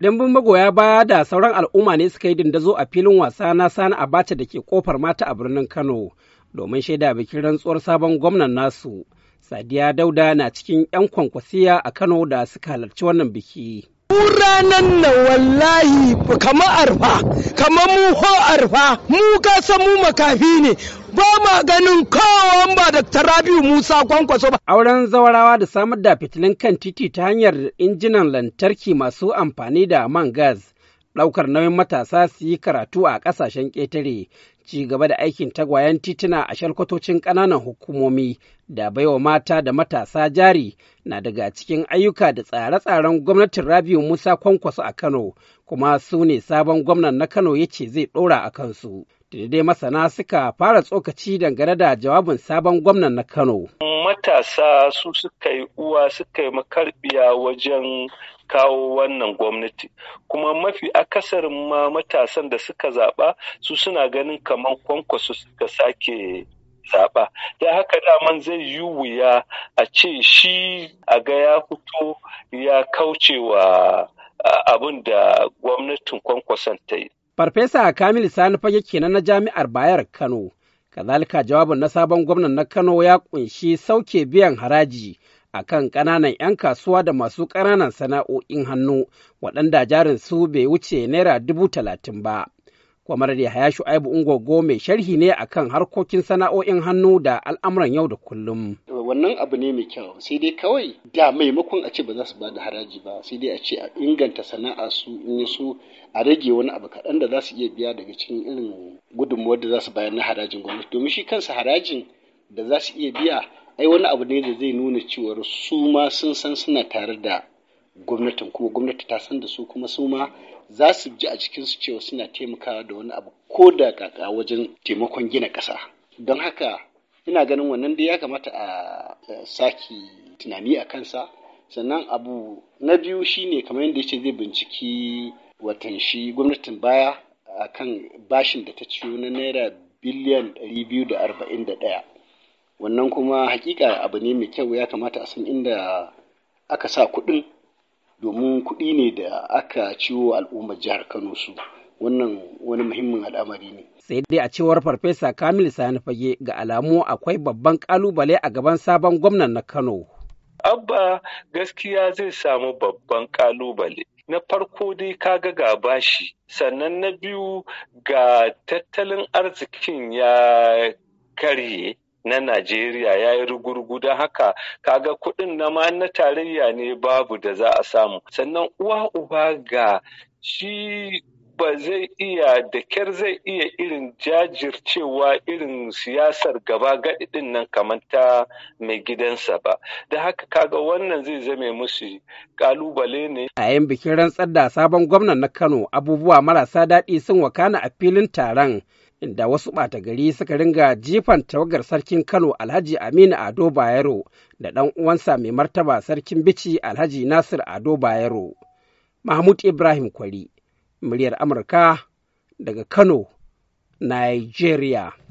Dimbin magoya baya da sauran al'umma ne suka yi dindazo a filin wasa na sani abacha da ke kofar mata a birnin Kano domin shaida bikin rantsuwar sabon gwamnan nasu. Sadiya Dauda na cikin 'yan kwankwasiya a Kano da suka halarci wannan biki. ranan nan wallahi kamar arfa, kamar mu ho arfa, mu kasa mu makafi ne, ba ma ganin kowan ba da Rabi'u Musa kwankwaso ba. Auren zawarawa da samar da fitilun kan titi ta hanyar injinan lantarki masu amfani da man gas ɗaukar nauyin matasa su yi karatu a ƙasashen ƙetare ci gaba da aikin tagwayen tituna a shalkwatocin ƙananan hukumomi da baiwa mata da matasa jari na daga cikin ayyuka da tsare-tsaren gwamnatin rabiu musa kwankwaso a kano kuma su ne sabon gwamnan na kano ya ce zai ɗora a kansu da dai masana suka fara tsokaci dangane da jawabin sabon gwamnan na Kano. Matasa su suka yi uwa suka yi makarbiya wajen kawo wannan gwamnati kuma mafi akasarin ma matasan da suka zaɓa su suna ganin kamar kwankwaso suka sake zaɓa da haka daman zai yi wuya a ce shi a ga ya fito ya kaucewa abin da gwamnatin kwankwason ta yi Farfesa Kamilu Sani fage kenan na Jami'ar Bayar Kano. Kazalika jawabin na sabon gwamnan na Kano ya kunshi sauke biyan haraji a kan ƙananan 'yan kasuwa da masu ƙananan sana'o'in hannu waɗanda jarin su bai wuce naira dubu talatin ba. Kwamar ya Shu'aibu Ungogo mai sharhi ne a kan harkokin sana'o'in hannu da al'amuran yau da kullum. Wannan abu ne mai kyau sai dai kawai da maimakon a ce ba za su ba da haraji ba sai dai a ce a inganta sana'a su ne su a rage wani abu kaɗan da za su iya biya daga cikin irin gudunmuwar da za su bayar na harajin gwamnati domin shi kansa harajin da za su iya biya ai wani abu ne da zai nuna cewar su ma sun san suna tare da gwamnatin kuma gwamnati ta san da su kuma su ma za su ji a cikinsu cewa suna taimakawa da wani abu ko da kaka wajen taimakon gina ƙasa don haka ina ganin wannan da ya kamata a saki tunani a kansa sannan abu na biyu shine kamar yadda ya ce zai binciki watan shi gwamnatin baya a kan bashin da ta ciyo na naira biliyan 241 wannan kuma hakika abu ne mai kyau ya kamata a san inda aka sa kuɗin domin kuɗi ne da aka ciwo al'ummar jihar Kano su. Wannan wani muhimmin al'amari ne. Sai dai a cewar Farfesa Kamil Sani Fage ga alamu akwai babban kalubale a gaban sabon gwamnan na Kano. Abba gaskiya zai samu babban kalubale. na farko dai kaga ga bashi sannan na biyu ga tattalin arzikin ya karye na Najeriya ya yi rugurgu don haka kaga kuɗin na ma na tarayya ne babu da za a samu sannan uwa uba ga shi ba zai iya da kyar zai iya irin jajircewa irin siyasar gaba gaɗiɗin nan kamar ta mai gidansa ba da haka kaga wannan zai zame musu kalubale ne a yin bikin rantsar da sabon gwamnan na kano abubuwa marasa daɗi sun wakana a filin taron inda wasu ɓata gari suka ringa jifan tawagar sarkin kano alhaji aminu ado bayero da ɗan uwansa mai martaba sarkin bici alhaji nasir ado bayero mahmud ibrahim kwari muryar amurka daga kano nigeria